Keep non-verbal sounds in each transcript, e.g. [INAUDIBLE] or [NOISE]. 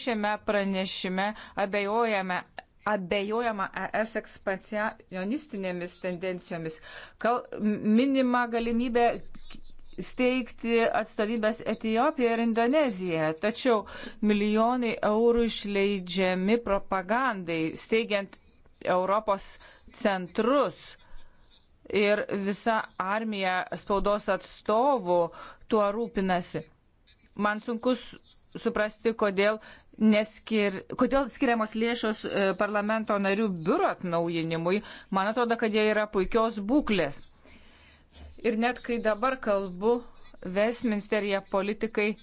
Šiame pranešime abejojame abejojama ES ekspansionistinėmis tendencijomis. Kal, minima galimybė steigti atstovybės Etijopijoje ir Indonezijoje, tačiau milijonai eurų išleidžiami propagandai, steigiant Europos centrus ir visa armija spaudos atstovų tuo rūpinasi. Man sunkus suprasti, kodėl neskir, kodėl skiriamos lėšos e, parlamento narių biuro atnaujinimui, man atrodo, kad jie yra puikios būklės. Ir net kai dabar kalbu, Westminsteryje politikai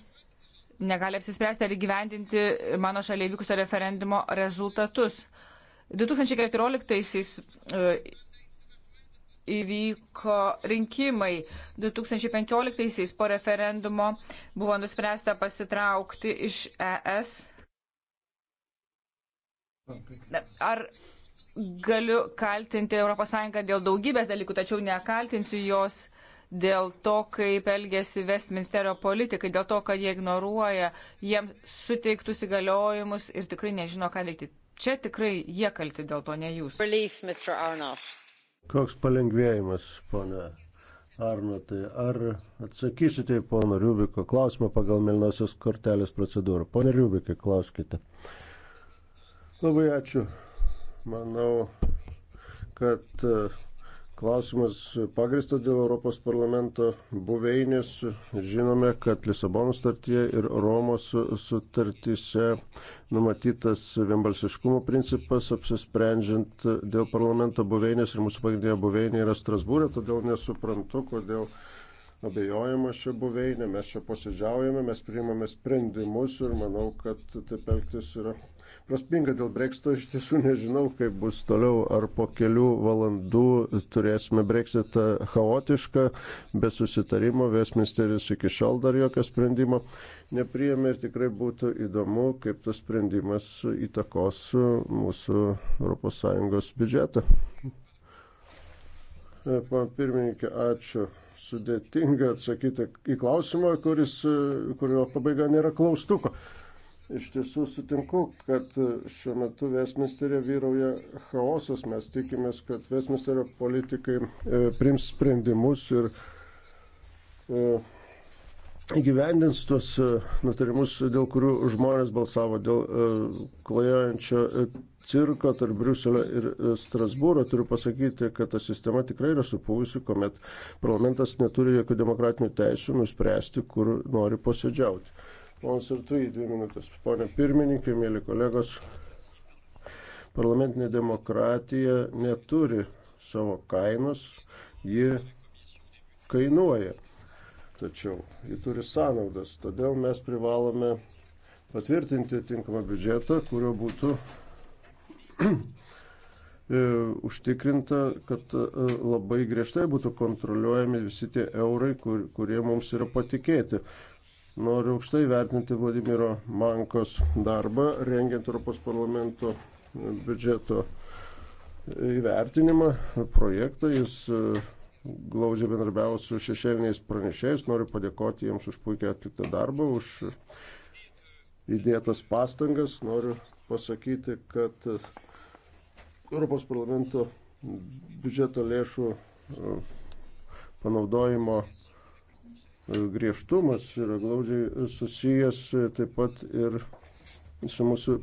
negali apsispręsti ar įgyvendinti mano šalia vykusio referendumo rezultatus. 2014-aisiais e, įvyko rinkimai. 2015-aisiais po referendumo buvo nuspręsta pasitraukti iš ES Ar galiu kaltinti ES dėl daugybės dalykų, tačiau nekaltinsiu jos dėl to, kaip elgėsi Westminsterio politikai, dėl to, kad jie ignoruoja jiems suteiktus įgaliojimus ir tikrai nežino, ką veikti. Čia tikrai jie kalti dėl to, ne jūs. Relief, Koks palengvėjimas, ponė Arnotai. Ar atsakysite į pono Rubiko klausimą pagal Milnosios kortelės procedūrą? Pone Rubikai, klauskite. Uh, Labai ačiū. Manau, kad e, klausimas pagristas dėl Europos parlamento buveinės. Žinome, kad Lisabono startyje ir Romos sutartyse numatytas vienbalsiškumo principas apsisprendžiant dėl parlamento buveinės ir mūsų pagrindinė buveinė yra Strasbūrė, todėl nesuprantu, kodėl abejojama šią buveinę, mes čia posėdžiaujame, mes priimame sprendimus ir manau, kad taip elgtis yra prasminga. Dėl breksto iš tiesų nežinau, kaip bus toliau, ar po kelių valandų turėsime breksitą chaotišką, be susitarimo, Westminsteris iki šiol dar jokio sprendimo nepriėmė ir tikrai būtų įdomu, kaip tas sprendimas įtakos mūsų ES biudžetą. E, pana pirmininkė, ačiū. Sudėtinga atsakyti į klausimą, kuris, e, kurio pabaiga nėra klaustuko. Iš tiesų sutinku, kad šiuo metu Vesminsterė vyrauja chaosas. Mes tikimės, kad Vesminsterio politikai e, prims sprendimus ir e, įgyvendins tuos e, nutarimus, dėl kurių žmonės balsavo, dėl e, klajojančio e, cirko tarp Briuselio ir Strasbūro. Turiu pasakyti, kad ta sistema tikrai yra supūvusi, kuomet parlamentas neturi jokių demokratinių teisų nuspręsti, kur nori posėdžiauti. Ponas ir tu į dvi minutės. Pone pirmininkai, mėly kolegos, parlamentinė demokratija neturi savo kainos, ji kainuoja tačiau ji turi sąnaudas. Todėl mes privalome patvirtinti tinkamą biudžetą, kurio būtų [CLEARS THROAT] e, užtikrinta, kad e, labai griežtai būtų kontroliuojami visi tie eurai, kur, kurie mums yra patikėti. Noriu aukštai vertinti Vladimiro Mankos darbą, rengiant Europos parlamento biudžeto įvertinimą, projektą. Jis e, glaudžiai bendrabiavo su šešėliniais pranešėjais. Noriu padėkoti jiems už puikiai atliktą darbą, už įdėtas pastangas. Noriu pasakyti, kad Europos parlamento biudžeto lėšų e, panaudojimo e, griežtumas yra glaudžiai susijęs e, taip pat ir su mūsų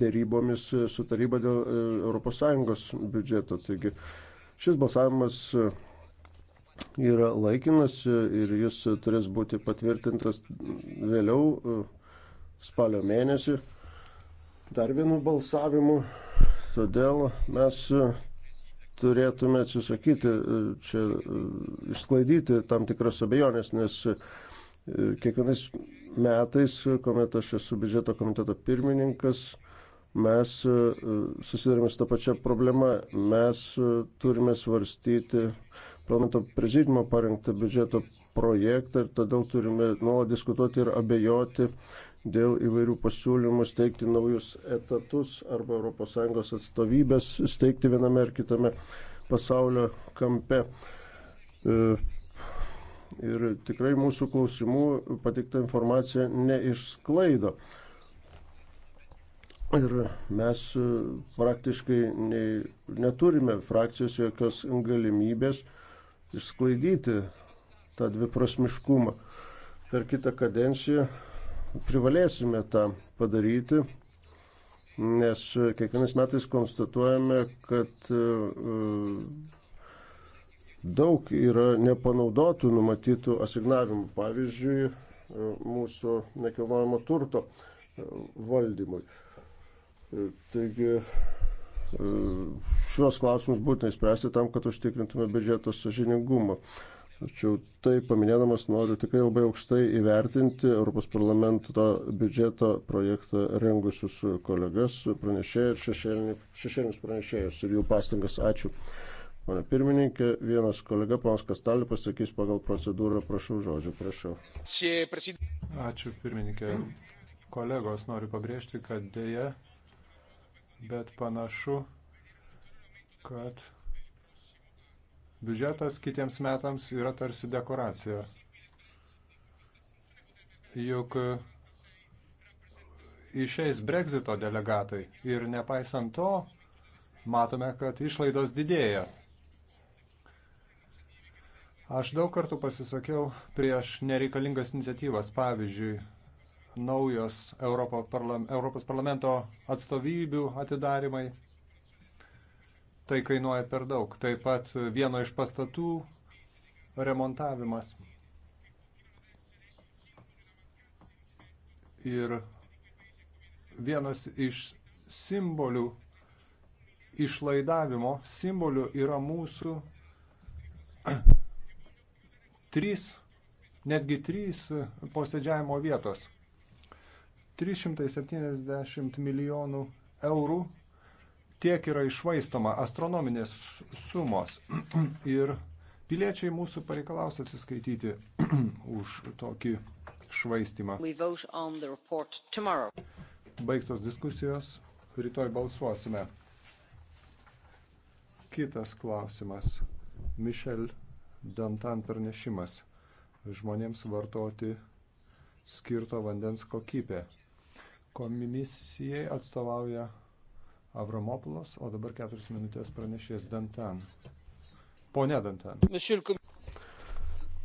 dėrybomis su taryba dėl ES biudžeto. Taigi šis balsavimas yra laikinas ir jis turės būti patvirtintas vėliau e, spalio mėnesį dar vienu balsavimu. Todėl mes e, turėtume atsisakyti, e, čia išsklaidyti tam tikras abejonės, nes kiekvienais metais, kuomet aš esu biudžeto komiteto pirmininkas, mes susidurime su tą pačią problemą. Mes turime svarstyti parlamento prezidiumo parengtą biudžeto projektą ir todėl turime nuolat diskutuoti ir abejoti dėl įvairių pasiūlymų steigti naujus etatus arba ES atstovybės steigti viename ar kitame pasaulio kampe. E, ir tikrai mūsų klausimų patikta informacija neišsklaido. Ir mes e, praktiškai nei, neturime frakcijos jokios galimybės uh, išsklaidyti tą dviprasmiškumą. Per kitą kadenciją privalėsime tą padaryti, nes kiekvienais metais konstatuojame, kad e, daug yra nepanaudotų numatytų asignavimų, pavyzdžiui, e, mūsų nekilnojamo turto e, valdymui. Taigi E, šios klausimus būtinai spręsti tam, kad užtikrintume biudžeto sažiningumą. Tačiau tai paminėdamas noriu tikrai labai aukštai įvertinti Europos parlamento biudžeto projektą rengusius kolegas, pranešėjus, šešėlinius pranešėjus ir jų pastangas. Ačiū. Mano pirmininkė, vienas kolega, panas Kastalį, pasakys pagal procedūrą, prašau žodžio, prašau. Ačiū pirmininkė. Kolegos, noriu pabrėžti, kad dėja bet panašu, kad biudžetas kitiems metams yra tarsi dekoracija. Juk e, išeis Brexito delegatai ir nepaisant to, matome, kad išlaidos didėja. Aš daug kartų pasisakiau prieš nereikalingas iniciatyvas, pavyzdžiui, naujos Europos parlamento atstovybių atidarimai. Tai kainuoja per daug. Taip pat vieno iš pastatų remontavimas. Ir vienas iš simbolių išlaidavimo simbolių yra mūsų [CLEARS THROAT] trys, netgi trys posėdžiavimo vietos. 370 milijonų eurų tiek yra išvaistoma astronominės sumos. [CLEARS THROAT] Ir piliečiai mūsų pareikalaus atsiskaityti [CLEARS THROAT] už tokį švaistimą. Baigtos diskusijos, rytoj balsuosime. Kitas klausimas. Mišel Dantan pranešimas. Žmonėms vartoti skirto vandens kokybė komisijai atstovauja Avramopulos, o dabar keturis minutės pranešės Dantan. Pone Dantan.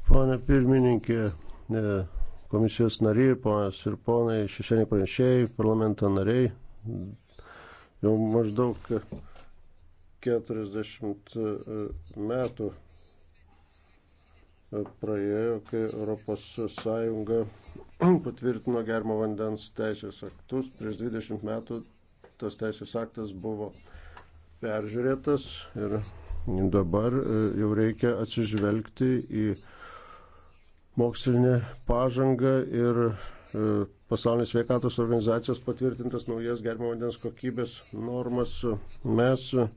Pone pirmininkė, e, komisijos nariai, ponas ir ponai, šešėniai pranešėjai, parlamento nariai, jau maždaug 40 e, metų praėjo, kai ES patvirtino germo vandens teisės aktus. Prieš 20 metų tas teisės aktas buvo peržiūrėtas ir dabar e, jau reikia atsižvelgti į mokslinę pažangą ir e, pasaulinės sveikatos organizacijos patvirtintas naujas germo vandens kokybės normas. Mes e,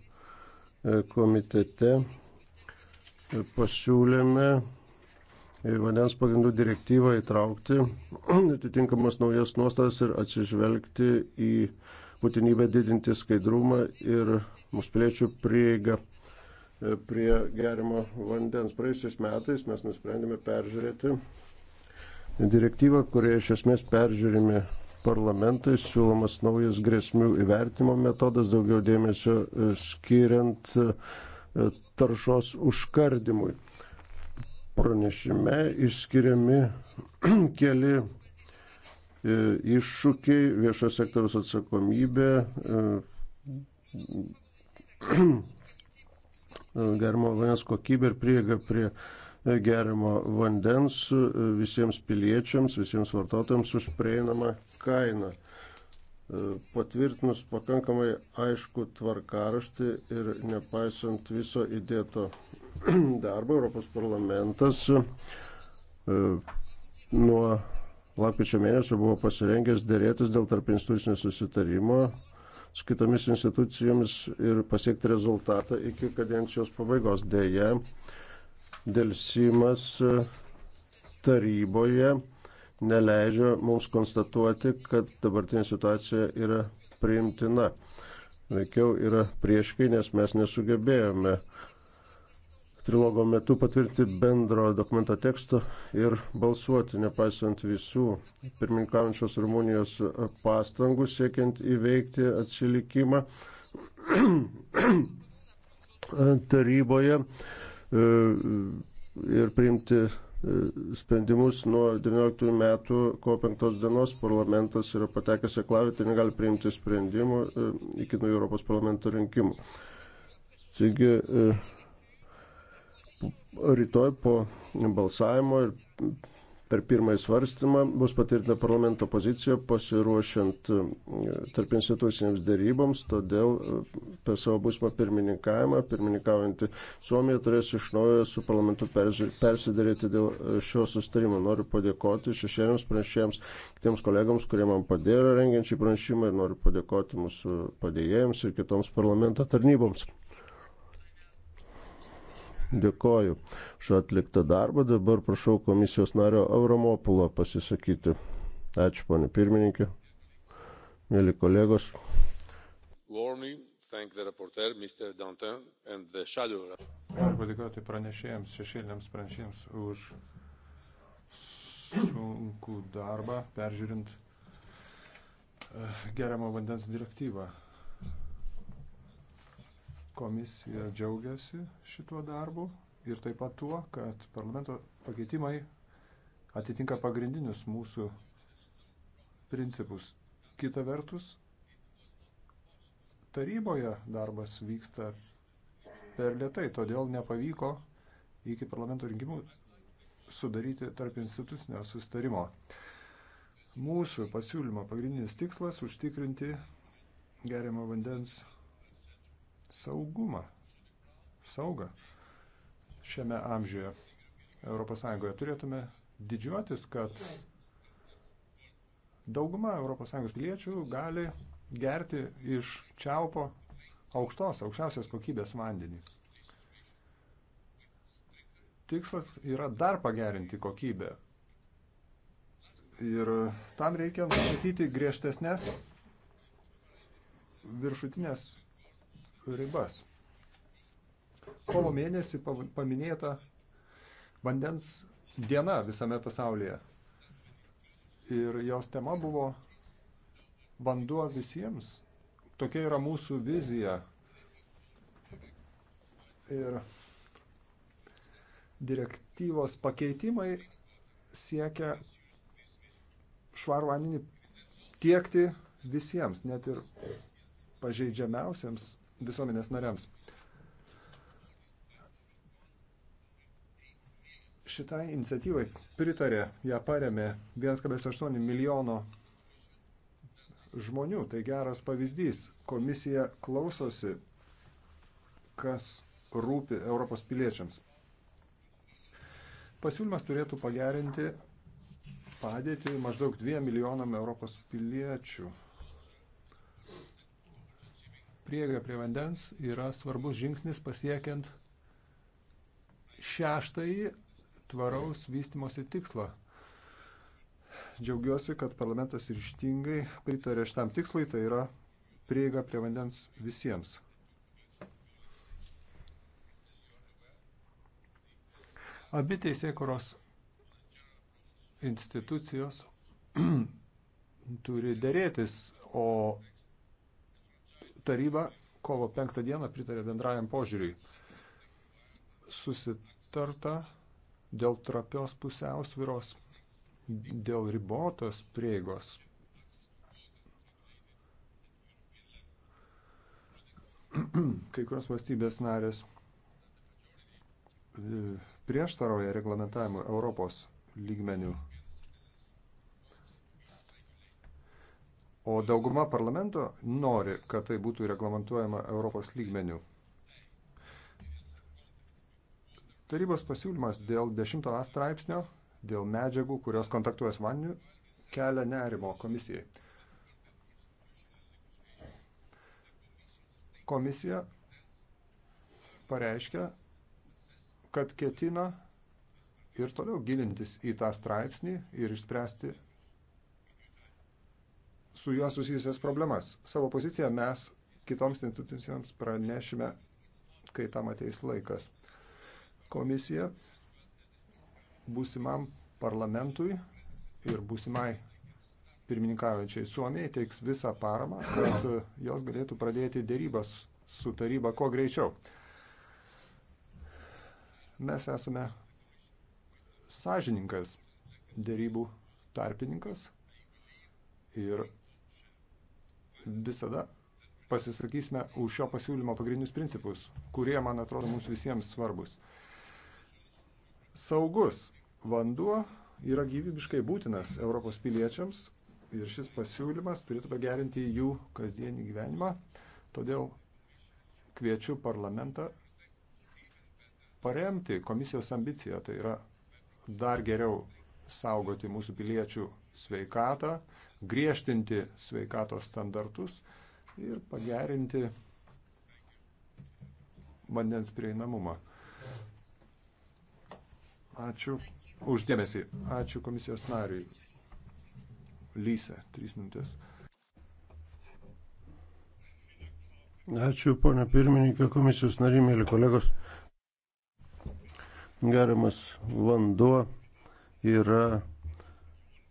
komitete pasiūlėme vandens pagrindų direktyvą įtraukti [CLEARS THROAT] atitinkamas naujas nuostatas ir atsižvelgti į būtinybę didinti skaidrumą ir mūsų piliečių prieigą e, prie gerimo vandens. Praėjusiais metais mes nusprendėme peržiūrėti direktyvą, kurioje iš esmės peržiūrime parlamentai, siūlomas naujas grėsmių įvertimo metodas, daugiau dėmesio e, skiriant e, taršos užkardimui pranešime išskiriami [CLEARS THROAT] keli e, iššūkiai, viešo sektoriaus atsakomybė, e, [CLEARS THROAT] e, gerimo vandens kokybė ir prieiga prie gerimo vandens visiems piliečiams, visiems vartotojams už prieinamą kainą. Patvirtinus pakankamai aišku tvarkaraštį ir nepaisant viso įdėto [CLEARS THROAT] darbą Europos parlamentas e, nuo lapkričio mėnesio buvo pasirengęs dėrėtis dėl tarp institucinio susitarimo su kitomis institucijomis ir pasiekti rezultatą iki kadencijos pabaigos. Deja, dėl Simas e, taryboje neleidžia mums konstatuoti, kad dabartinė situacija yra priimtina. Veikiau yra prieškai, nes mes nesugebėjome trilogo metu patvirtinti bendro dokumento tekstą ir balsuoti, nepaisant visų pirmininkaujančios Rumunijos pastangų siekiant įveikti atsilikimą [CLEARS THROAT] taryboje e, ir priimti e, sprendimus nuo 19 metų, ko 5 dienos parlamentas yra patekęs į klavitį ir negali priimti sprendimų e, iki nuo Europos parlamento rinkimų. Taigi rytoj po balsavimo ir per pirmąjį svarstymą bus patvirtinta parlamento pozicija pasiruošiant e, tarp institucinėms dėryboms, todėl e, per savo būsimą pirmininkavimą, pirmininkaujantį Suomiją, turės iš naujo su parlamentu persidėrėti dėl e, šio sustarimo. Noriu padėkoti šešėliams pranešėjams, kitiems kolegams, kurie man padėjo rengiančiai pranešimą ir noriu padėkoti mūsų padėjėjams ir kitoms parlamento tarnyboms. Dėkoju už atliktą darbą. Dabar prašau komisijos nario Avramopulo pasisakyti. Ačiū, ponė pirmininkė. Mėly kolegos. Noriu padėkoti pranešėjams, šešėliniams pranešėjams už sunkų darbą, peržiūrint eh, geriamo vandens direktyvą. Komisija džiaugiasi šituo darbu ir taip pat tuo, kad parlamento pakeitimai atitinka pagrindinius mūsų principus. Kita vertus, taryboje darbas vyksta per lietai, todėl nepavyko iki parlamento rinkimų sudaryti tarp institucinio sustarimo. Mūsų pasiūlymo pagrindinis tikslas užtikrinti geriamo vandens saugumą, saugą šiame amžiuje ES. Turėtume didžiuotis, kad dauguma ES piliečių gali gerti iš čiaupo aukštos, aukščiausios kokybės vandenį. Tikslas yra dar pagerinti kokybę. Ir tam reikia nustatyti griežtesnės viršutinės ribas. Kovo mėnesį paminėta vandens diena visame pasaulyje. Ir jos tema buvo vanduo visiems. Tokia yra mūsų vizija. Ir direktyvos pakeitimai siekia švarų vandenį tiekti visiems, net ir pažeidžiamiausiams visuomenės nariams. Šitai iniciatyvai pritarė, ją paremė 1,8 milijono žmonių. Tai geras pavyzdys. Komisija klausosi, kas rūpi Europos piliečiams. Pasiūlymas turėtų pagerinti padėtį maždaug 2 milijonam Europos piliečių prieiga prie vandens yra svarbus žingsnis pasiekiant šeštąjį tvaraus vystimosi tikslą. Džiaugiuosi, kad parlamentas ryštingai pritarė šitam tikslui, tai yra prieiga prie vandens visiems. Abi teisėkuros institucijos [CLEARS THROAT] turi dėrėtis, o taryba kovo 5 dieną pritarė bendrajam požiūriui. Susitarta dėl trapios pusiausviros, dėl ribotos prieigos. [CLEARS THROAT] Kai kurios valstybės narės e, prieštarauja reglamentavimui Europos lygmenių O dauguma parlamento nori, kad tai būtų reglamentuojama Europos lygmenių. Tarybos pasiūlymas dėl 10 A straipsnio, dėl medžiagų, kurios kontaktuoja su vandeniu, kelia nerimo komisijai. Komisija pareiškia, kad ketina ir toliau gilintis į tą straipsnį ir išspręsti su juo susijusias problemas. Savo poziciją mes kitoms institucijoms pranešime, kai tam ateis laikas. Komisija būsimam parlamentui ir būsimai pirmininkaujančiai Suomijai teiks visą paramą, kad jos galėtų pradėti dėrybas su taryba kuo greičiau. Mes esame sąžininkas dėrybų tarpininkas ir visada pasisakysime už šio pasiūlymo pagrindinius principus, kurie, man atrodo, mums visiems svarbus. Saugus vanduo yra gyvybiškai būtinas Europos piliečiams ir šis pasiūlymas turėtų pagerinti jų kasdienį gyvenimą. Todėl kviečiu parlamentą paremti komisijos ambiciją, tai yra dar geriau saugoti mūsų piliečių sveikatą, griežtinti sveikatos standartus ir pagerinti vandens prieinamumą. Ačiū uždėmesį. Ačiū komisijos nariui. Lyse, trys minutės. Ačiū, ponia pirmininkė, komisijos nariai, mėly kolegos. Geriamas vanduo yra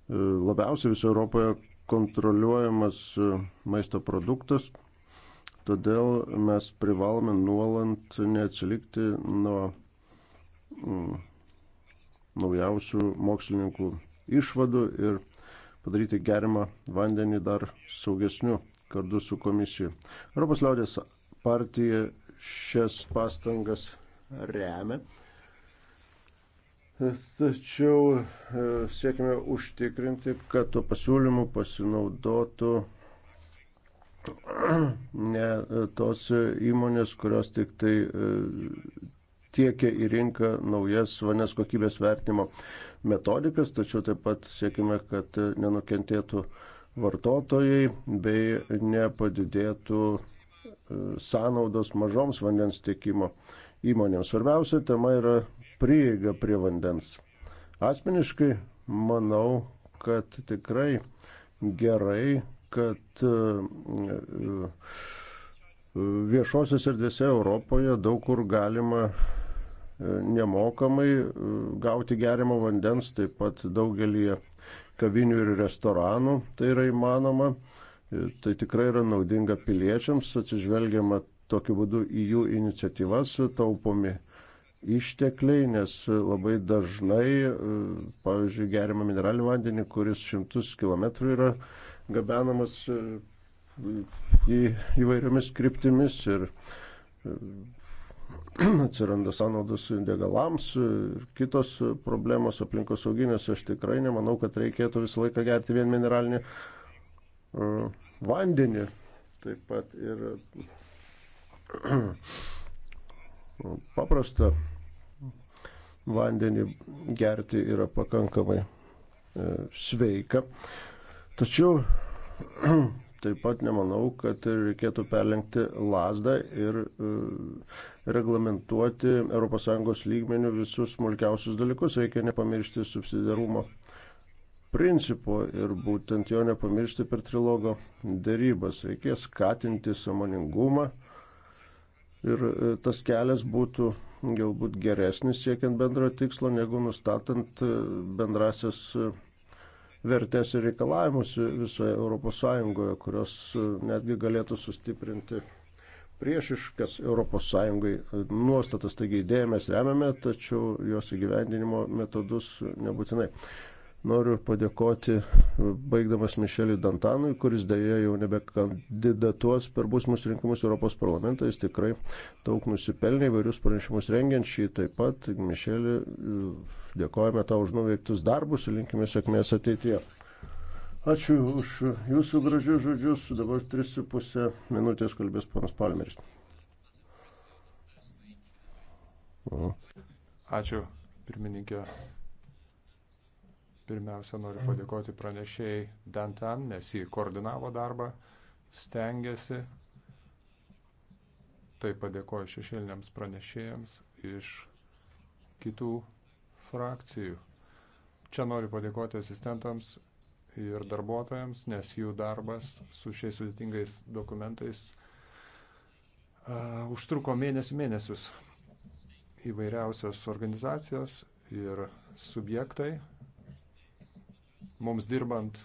E, labiausiai visoje Europoje kontroliuojamas e, maisto produktas. Todėl mes privalome nuolant neatsilikti nuo mm, naujausių mokslininkų išvadų ir padaryti gerimą vandenį dar saugesniu kartu su komisija. Europos liaudės partija šias pastangas remia. Tačiau e, siekime užtikrinti, kad tuo pasiūlymu pasinaudotų [CLEARS THROAT] ne e, tos įmonės, kurios tik tai e, tiekia į rinką naujas vandens kokybės vertinimo metodikas, tačiau taip pat siekime, kad nenukentėtų vartotojai bei nepadidėtų sąnaudos mažoms vandens tiekimo įmonėms. Svarbiausia tema yra prieigą prie vandens. Asmeniškai manau, kad tikrai gerai, kad e, e, viešosios erdvėse Europoje daug kur galima e, nemokamai gauti gerimo vandens, taip pat daugelį kavinių ir restoranų tai yra įmanoma. Tai tikrai yra naudinga piliečiams, atsižvelgiama tokiu būdu į jų iniciatyvas, taupomi ištekliai, nes labai dažnai, e, pavyzdžiui, gerima mineralinį vandenį, kuris šimtus kilometrų yra gabenamas e, į įvairiomis kryptimis ir e, atsiranda sąnaudos degalams ir kitos problemos aplinkosauginės. Aš tikrai nemanau, kad reikėtų visą laiką gerti vien mineralinį vandenį. Taip pat ir paprasta vandenį gerti yra pakankamai e, sveika. Tačiau [CLEARS THROAT] taip pat nemanau, kad reikėtų perlenkti lasdą ir e, reglamentuoti ES lygmenių visus smulkiausius dalykus. Reikia nepamiršti subsidiarumo principo ir būtent jo nepamiršti per trilogo darybas. Reikia skatinti samoningumą ir e, tas kelias būtų galbūt geresnis siekiant bendro tikslo, negu nustatant e, bendrasias e, vertės ir reikalavimus visoje ES, kurios e, netgi galėtų sustiprinti priešiškas ES nuostatas. Taigi idėją mes remiame, tačiau jos įgyvendinimo metodus nebūtinai. Noriu padėkoti baigdamas Mišeliui Dantanui, kuris dėja jau nebekandidatuos per būsimus rinkimus Europos parlamentą. Jis tikrai daug nusipelnė įvairius pranešimus rengiančiai. Taip pat, Mišeli, dėkojame tau už nuveiktus darbus ir linkime sėkmės ateityje. Ačiū už jūsų gražius žodžius. Dabar 3,5 minutės kalbės ponas Palmeris. Ačiū, pirmininkė. Pirmiausia, noriu padėkoti pranešėjai Dantan, nes jį koordinavo darbą, stengiasi. Taip padėkoju šešėliniams pranešėjams iš kitų frakcijų. Čia noriu padėkoti asistentams ir darbuotojams, nes jų darbas su šiais sudėtingais dokumentais uh, užtruko mėnesių mėnesius. Įvairiausios organizacijos ir subjektai mums dirbant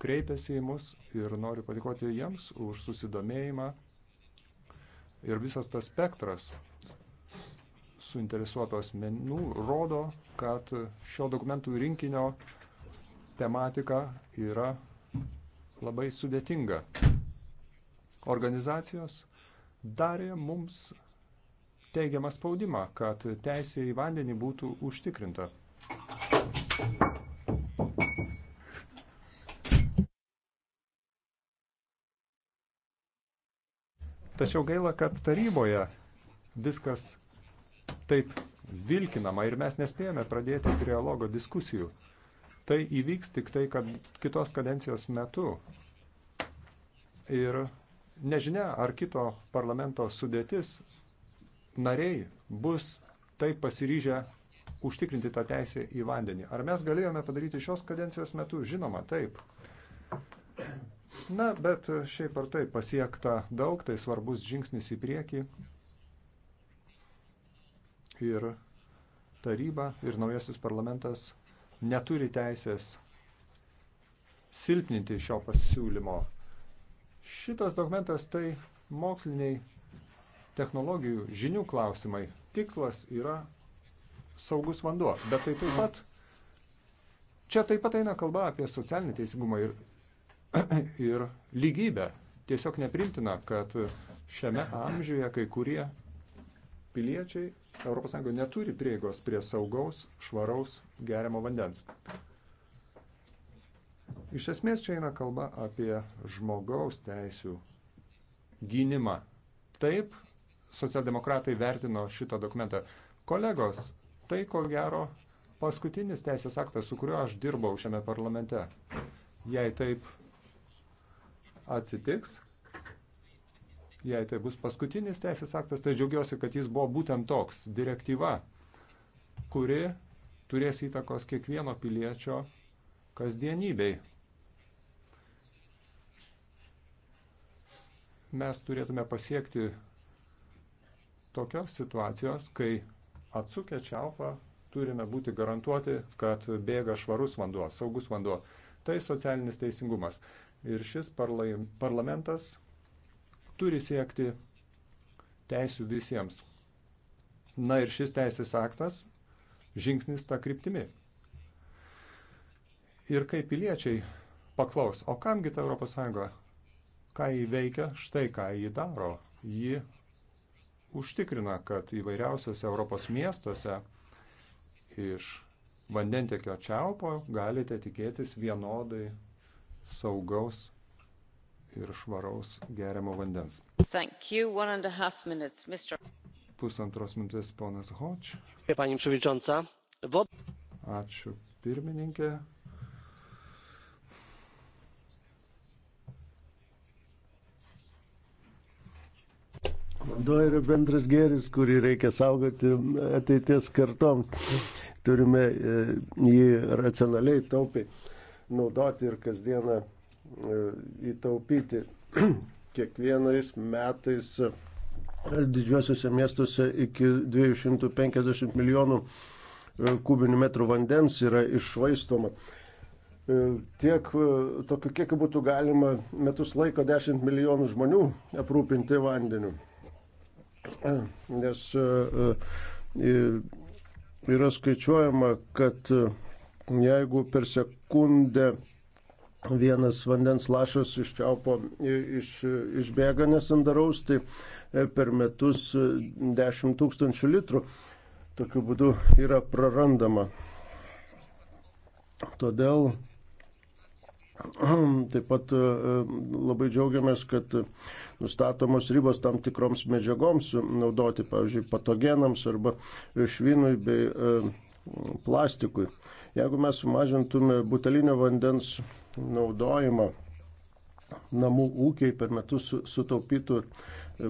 kreipėsi į mus ir noriu padėkoti jiems už susidomėjimą. Ir visas tas spektras suinteresuotos menų rodo, kad šio dokumentų rinkinio tematika yra labai sudėtinga. Organizacijos darė mums teigiamą spaudimą, kad teisė į vandenį būtų užtikrinta. Tačiau gaila, kad taryboje viskas taip vilkinama ir mes nespėjame pradėti trialogo diskusijų. Tai įvyks tik tai, kad kitos kadencijos metu. Ir nežinia, ar kito parlamento sudėtis nariai bus taip pasiryžę užtikrinti tą teisę į vandenį. Ar mes galėjome padaryti šios kadencijos metu? Žinoma, taip. Na, bet šiaip ar tai pasiekta daug, tai svarbus žingsnis į priekį. Ir taryba, ir naujasis parlamentas neturi teisės silpninti šio pasiūlymo. Šitas dokumentas tai moksliniai technologijų žinių klausimai. Tikslas yra saugus vanduo, bet tai taip pat Čia taip pat eina kalba apie socialinį teisingumą ir [CLEARS THROAT] ir lygybę. Tiesiog neprimtina, kad šiame amžiuje kai kurie piliečiai ES neturi prieigos prie saugaus, švaraus geriamo vandens. Iš esmės čia eina kalba apie žmogaus teisų gynimą. Taip, socialdemokratai vertino šitą dokumentą. Kolegos, tai ko gero paskutinis teisės aktas, su kuriuo aš dirbau šiame parlamente. Jei taip atsitiks, jei tai bus paskutinis teisės aktas, tai džiaugiuosi, kad jis buvo būtent toks - direktyva, kuri turės įtakos kiekvieno piliečio kasdienybei. Mes turėtume pasiekti tokios situacijos, kai atsukę čiaupą turime būti garantuoti, kad bėga švarus vanduo, saugus vanduo. Tai socialinis teisingumas ir šis parlai, parlamentas turi siekti teisių visiems. Na ir šis teisės aktas žingsnis tą kryptimį. Ir kaip piliečiai paklaus, o kamgi ta ES, ką jį veikia, štai ką jį daro. Ji užtikrina, kad įvairiausiose Europos miestuose iš vandentiekio čiaupo galite tikėtis vienodai saugaus ir švaraus geriamo vandens. Minutes, Mr... Pusantros minutės ponas Hoč. Ačiū pirmininkė. Vanduo yra bendras gėris, kurį reikia saugoti ateities kartom. Turime e, jį racionaliai taupiai naudoti ir kasdieną e, įtaupyti. [CLEARS THROAT] Kiekvienais metais e, didžiuosiuose miestuose iki 250 milijonų e, kubinių metrų vandens yra iššvaistoma. Tiek tokiu kiekiu būtų galima metus laiko 10 milijonų žmonių aprūpinti vandeniu. Nes yra skaičiuojama, kad Jeigu per sekundę vienas vandens lašas iš čiaupo iš, išbėga nesandaraus, tai e, per metus 10 e, tūkstančių litrų tokiu būdu yra prarandama. Todėl [CLEARS THROAT] taip pat e, labai džiaugiamės, kad nustatomos ribos tam tikroms medžiagoms naudoti, pavyzdžiui, patogenams arba švinui bei plastikui. Jeigu mes sumažintume butelinio vandens naudojimą, namų ūkiai per metus sutaupytų e,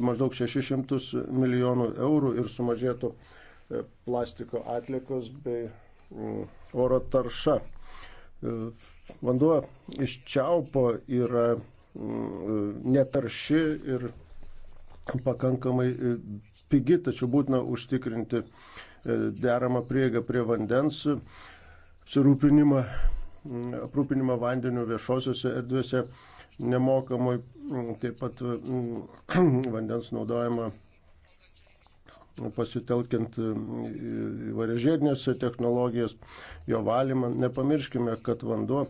maždaug 600 milijonų eurų ir sumažėtų e, plastiko atlikos bei mm, oro tarša. E, vanduo iš čiaupo yra mm, netarši ir pakankamai pigi, tačiau būtina užtikrinti uh, E, deramą prieigą prie vandens, apsirūpinimą, aprūpinimą vandeniu viešosiuose erdvėse nemokamai, taip pat [CLEARS THROAT] vandens naudojimą pasitelkiant įvairias žiedinės technologijas, jo valymą. Nepamirškime, kad vanduo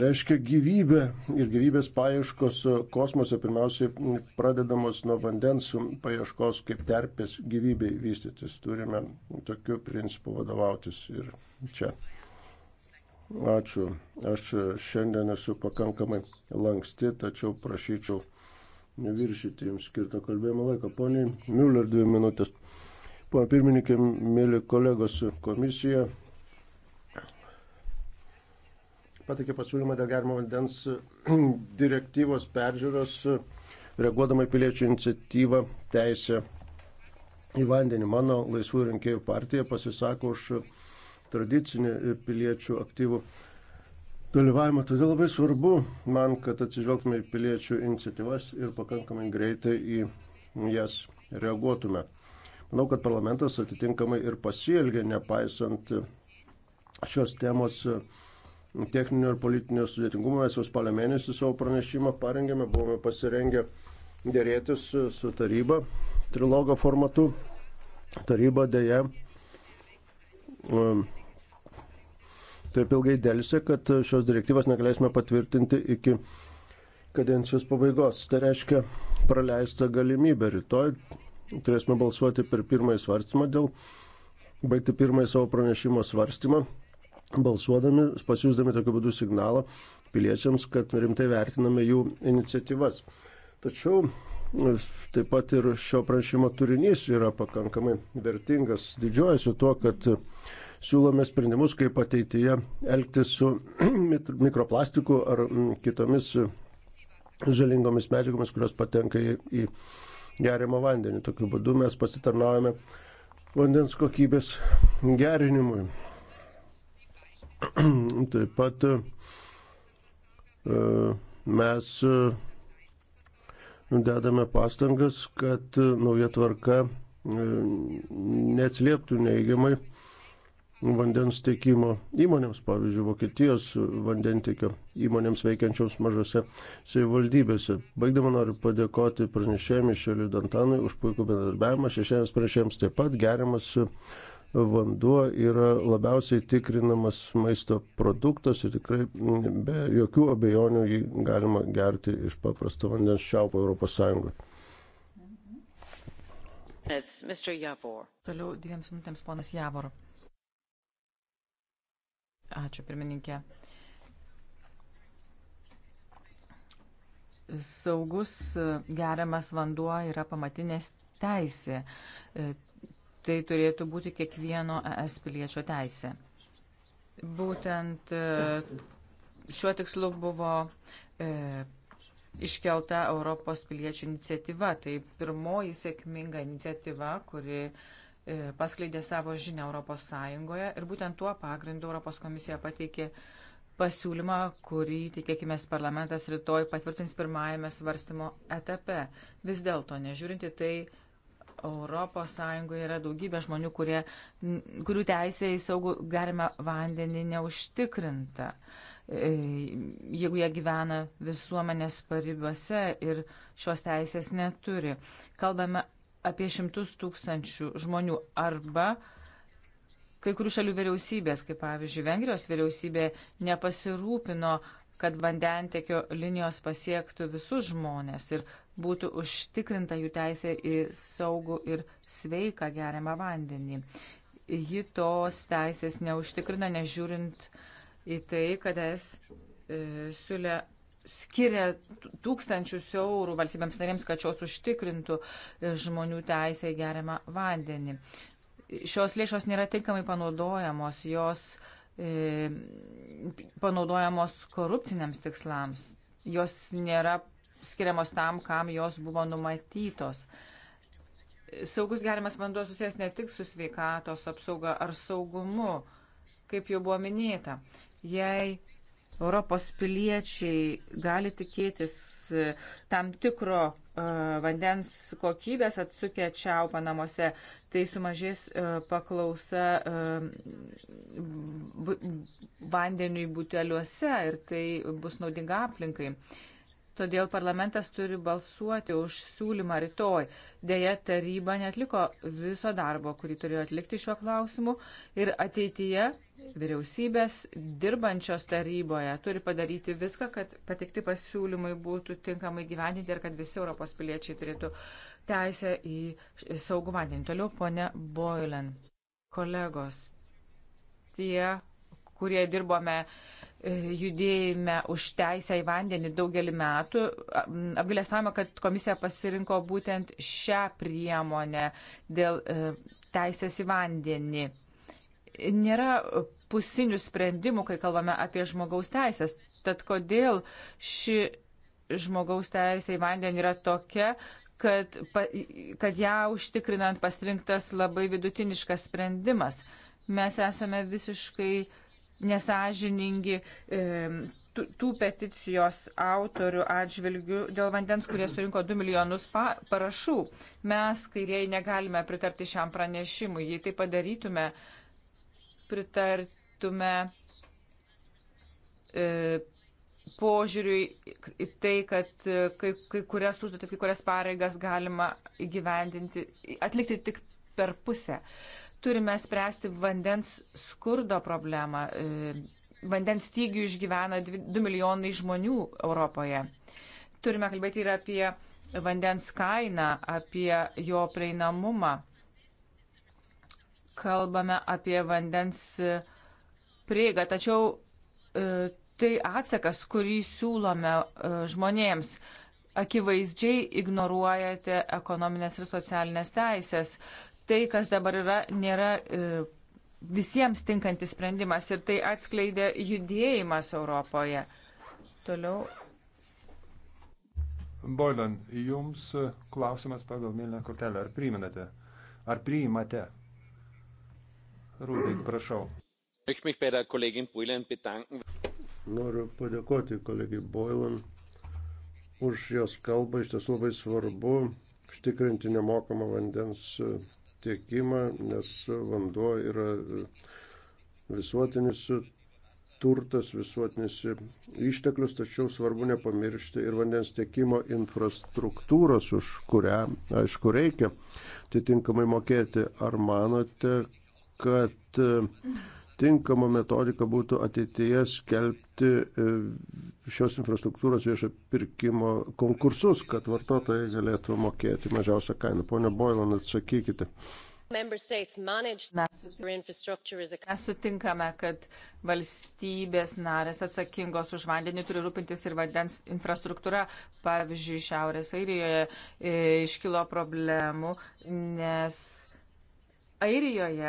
reiškia gyvybę ir gyvybės paieškos kosmose pirmiausiai pradedamos nuo vandens paieškos kaip terpės gyvybei vystytis. Turime tokiu principu vadovautis ir čia. Ačiū. Aš šiandien esu pakankamai lanksti, tačiau prašyčiau neviršyti jums skirtą kalbėjimo laiką. Poniai Müller, dvi minutės. Pana pirmininkė, mėly kolegos, komisija pateikė pasiūlymą dėl gerimo vandens [CLEARS THROAT] direktyvos peržiūros, reaguodama į piliečių iniciatyvą teisę į vandenį. Mano laisvų rinkėjų partija pasisako už tradicinį piliečių aktyvų dalyvavimą. Todėl labai svarbu man, kad atsižvelgtume į piliečių iniciatyvas ir pakankamai greitai į jas reaguotume. Manau, kad parlamentas atitinkamai ir pasielgė, nepaisant šios temos techninio ir politinio sudėtingumo. Mes jau spalio mėnesį savo pranešimą parengėme, buvome pasirengę dėrėtis su taryba trilogo formatu. Taryba dėja um, taip ilgai dėlsi, kad šios direktyvos negalėsime patvirtinti iki kadencijos pabaigos. Tai reiškia praleista galimybė. Rytoj turėsime balsuoti per pirmąjį svarstymą dėl baigti pirmąjį savo pranešimo svarstymą balsuodami, pasiūsdami tokiu būdu signalą piliečiams, kad rimtai vertiname jų iniciatyvas. Tačiau nu, taip pat ir šio pranešimo turinys yra pakankamai vertingas. Didžiuojasi tuo, kad siūlome sprendimus, kaip ateityje elgtis su [CLEARS THROAT] mikroplastiku ar mm, kitomis žalingomis medžiagomis, kurios patenka į geriamą vandenį. Tokiu būdu mes pasitarnaujame vandens kokybės gerinimui. [CLEARS THROAT] Taip pat e, mes e, dedame pastangas, kad nauja tvarka e, neatslieptų neigiamai vandens tiekimo įmonėms, pavyzdžiui, Vokietijos vandentikio įmonėms veikiančioms mažose savivaldybėse. Baigdama noriu padėkoti pranešėjai Mišeliui Dantanui už puikų bendradarbiavimą, šešėjams pranešėjams taip pat geriamas vanduo yra labiausiai tikrinamas maisto produktas ir tikrai mm, be jokių abejonių jį galima gerti iš paprasto vandens čiaupo Europos Sąjungoje. Toliau dviems minutėms ponas Javor. Ačiū, pirmininkė. Saugus geriamas vanduo yra pamatinės teisė tai turėtų būti kiekvieno ES piliečio teisė. Būtent e, šiuo tikslu buvo e, iškelta Europos piliečių iniciatyva. Tai pirmoji sėkminga iniciatyva, kuri e, paskleidė savo žinę Europos Sąjungoje ir būtent tuo pagrindu Europos komisija pateikė pasiūlymą, kurį, tikėkime, parlamentas rytoj patvirtins pirmajame svarstymo etape. Vis dėlto, nežiūrinti tai, Europos Sąjungoje yra daugybė žmonių, kurie, kurių teisė į saugų gerime vandenį neužtikrinta, e, jeigu jie gyvena visuomenės paribiuose ir šios teisės neturi. Kalbame apie šimtus tūkstančių žmonių arba kai kurių šalių vyriausybės, kaip pavyzdžiui, Vengrijos vyriausybė nepasirūpino kad vandentekio linijos pasiektų visus žmonės ir būtų užtikrinta jų teisė į saugų ir sveiką geriamą vandenį. Ji tos teisės neužtikrina, nežiūrint į tai, kad es e, siūlė skiria tūkstančius eurų valstybėms narėms, kad šios užtikrintų e, žmonių teisę į geriamą vandenį. Šios lėšos nėra tinkamai panaudojamos, jos e, panaudojamos korupciniams tikslams, jos nėra skiriamos tam, kam jos buvo numatytos. Saugus gerimas vanduo susijęs ne tik su sveikatos apsauga ar saugumu, kaip jau buvo minėta. Jei Europos piliečiai gali tikėtis e, tam tikro uh, vandens kokybės atsukę čiaupą namuose, tai sumažės uh, paklausa uh, bu vandeniui buteliuose ir tai bus naudinga aplinkai. Uh, Todėl parlamentas turi balsuoti už siūlymą rytoj. Deja, taryba netliko viso darbo, kurį turėjo atlikti šiuo klausimu ir ateityje vyriausybės dirbančios taryboje turi padaryti viską, kad patikti pasiūlymai būtų tinkamai gyvendinti ir kad visi Europos piliečiai turėtų teisę į saugų vandenį. Toliau, ponia Boylan, kolegos, tie, kurie dirbome e, judėjime už teisę į vandenį daugelį metų. Apgalėstavome, kad komisija pasirinko būtent šią priemonę dėl e, teisės į vandenį. Nėra pusinių sprendimų, kai kalbame apie žmogaus teisės. Tad kodėl ši žmogaus teisė į vandenį yra tokia, kad, kad ją užtikrinant pasirinktas labai vidutiniškas sprendimas. Mes esame visiškai uh, nesažiningi tų peticijos autorių atžvilgių dėl vandens, kurie surinko 2 milijonus pa parašų. Mes, kairieji, negalime pritarti šiam pranešimui. Jei tai padarytume, pritartume e, požiūriui į tai, kad e, kai, kai kurias užduotis, kai kurias pareigas galima įgyvendinti, atlikti tik per pusę. E, Turime spręsti vandens skurdo problemą. E, vandens stygių išgyvena 2 milijonai žmonių Europoje. Turime kalbėti ir apie vandens kainą, apie jo prieinamumą. Kalbame apie vandens prieigą, tačiau e, tai atsakas, kurį siūlome e, žmonėms. Akivaizdžiai ignoruojate ekonominės ir socialinės teisės tai, kas dabar yra, nėra e, visiems tinkantis sprendimas ir tai atskleidė judėjimas Europoje. Toliau. Boylan, jums e, klausimas pagal mėlyną kortelę. Ar priiminate? Ar priimate? Rūbik, prašau. Noriu padėkoti kolegai Boylan už jos kalbą. Iš tiesų labai svarbu užtikrinti nemokamą vandens e, tiekimą, nes vanduo yra visuotinis turtas, visuotinis išteklius, tačiau svarbu nepamiršti ir vandens tiekimo infrastruktūros, už kurią, aišku, reikia atitinkamai mokėti. Ar manote, kad tinkama metodika būtų ateityje skelbti e, šios infrastruktūros viešo pirkimo konkursus, kad vartotojai galėtų mokėti mažiausią kainą. Pone Boilan, atsakykite. Mes sutinkame, kad valstybės narės atsakingos už vandenį turi rūpintis ir vandens infrastruktūra. Pavyzdžiui, Šiaurės Airijoje e, iškilo problemų, nes Airijoje e,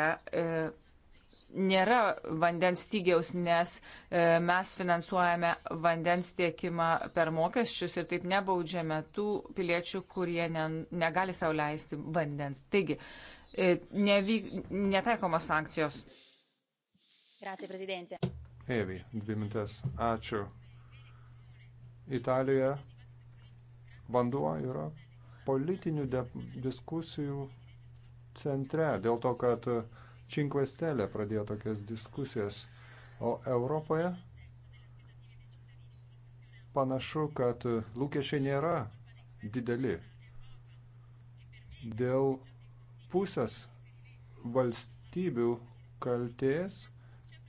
nėra vandens stygiaus, nes e, mes finansuojame vandens tiekimą per mokesčius ir taip nebaudžiame tų piliečių, kurie ne, negali sauliaisti vandens. Taigi, e, nevyk, netaikomos sankcijos. Grazie, prezidentė. Evi, dvi mintes. Ačiū. Italija vanduo yra politinių diskusijų centre dėl to, kad uh, Činkvestelė pradėjo tokias diskusijas, o Europoje panašu, kad lūkesčiai nėra dideli. Dėl pusės valstybių kalties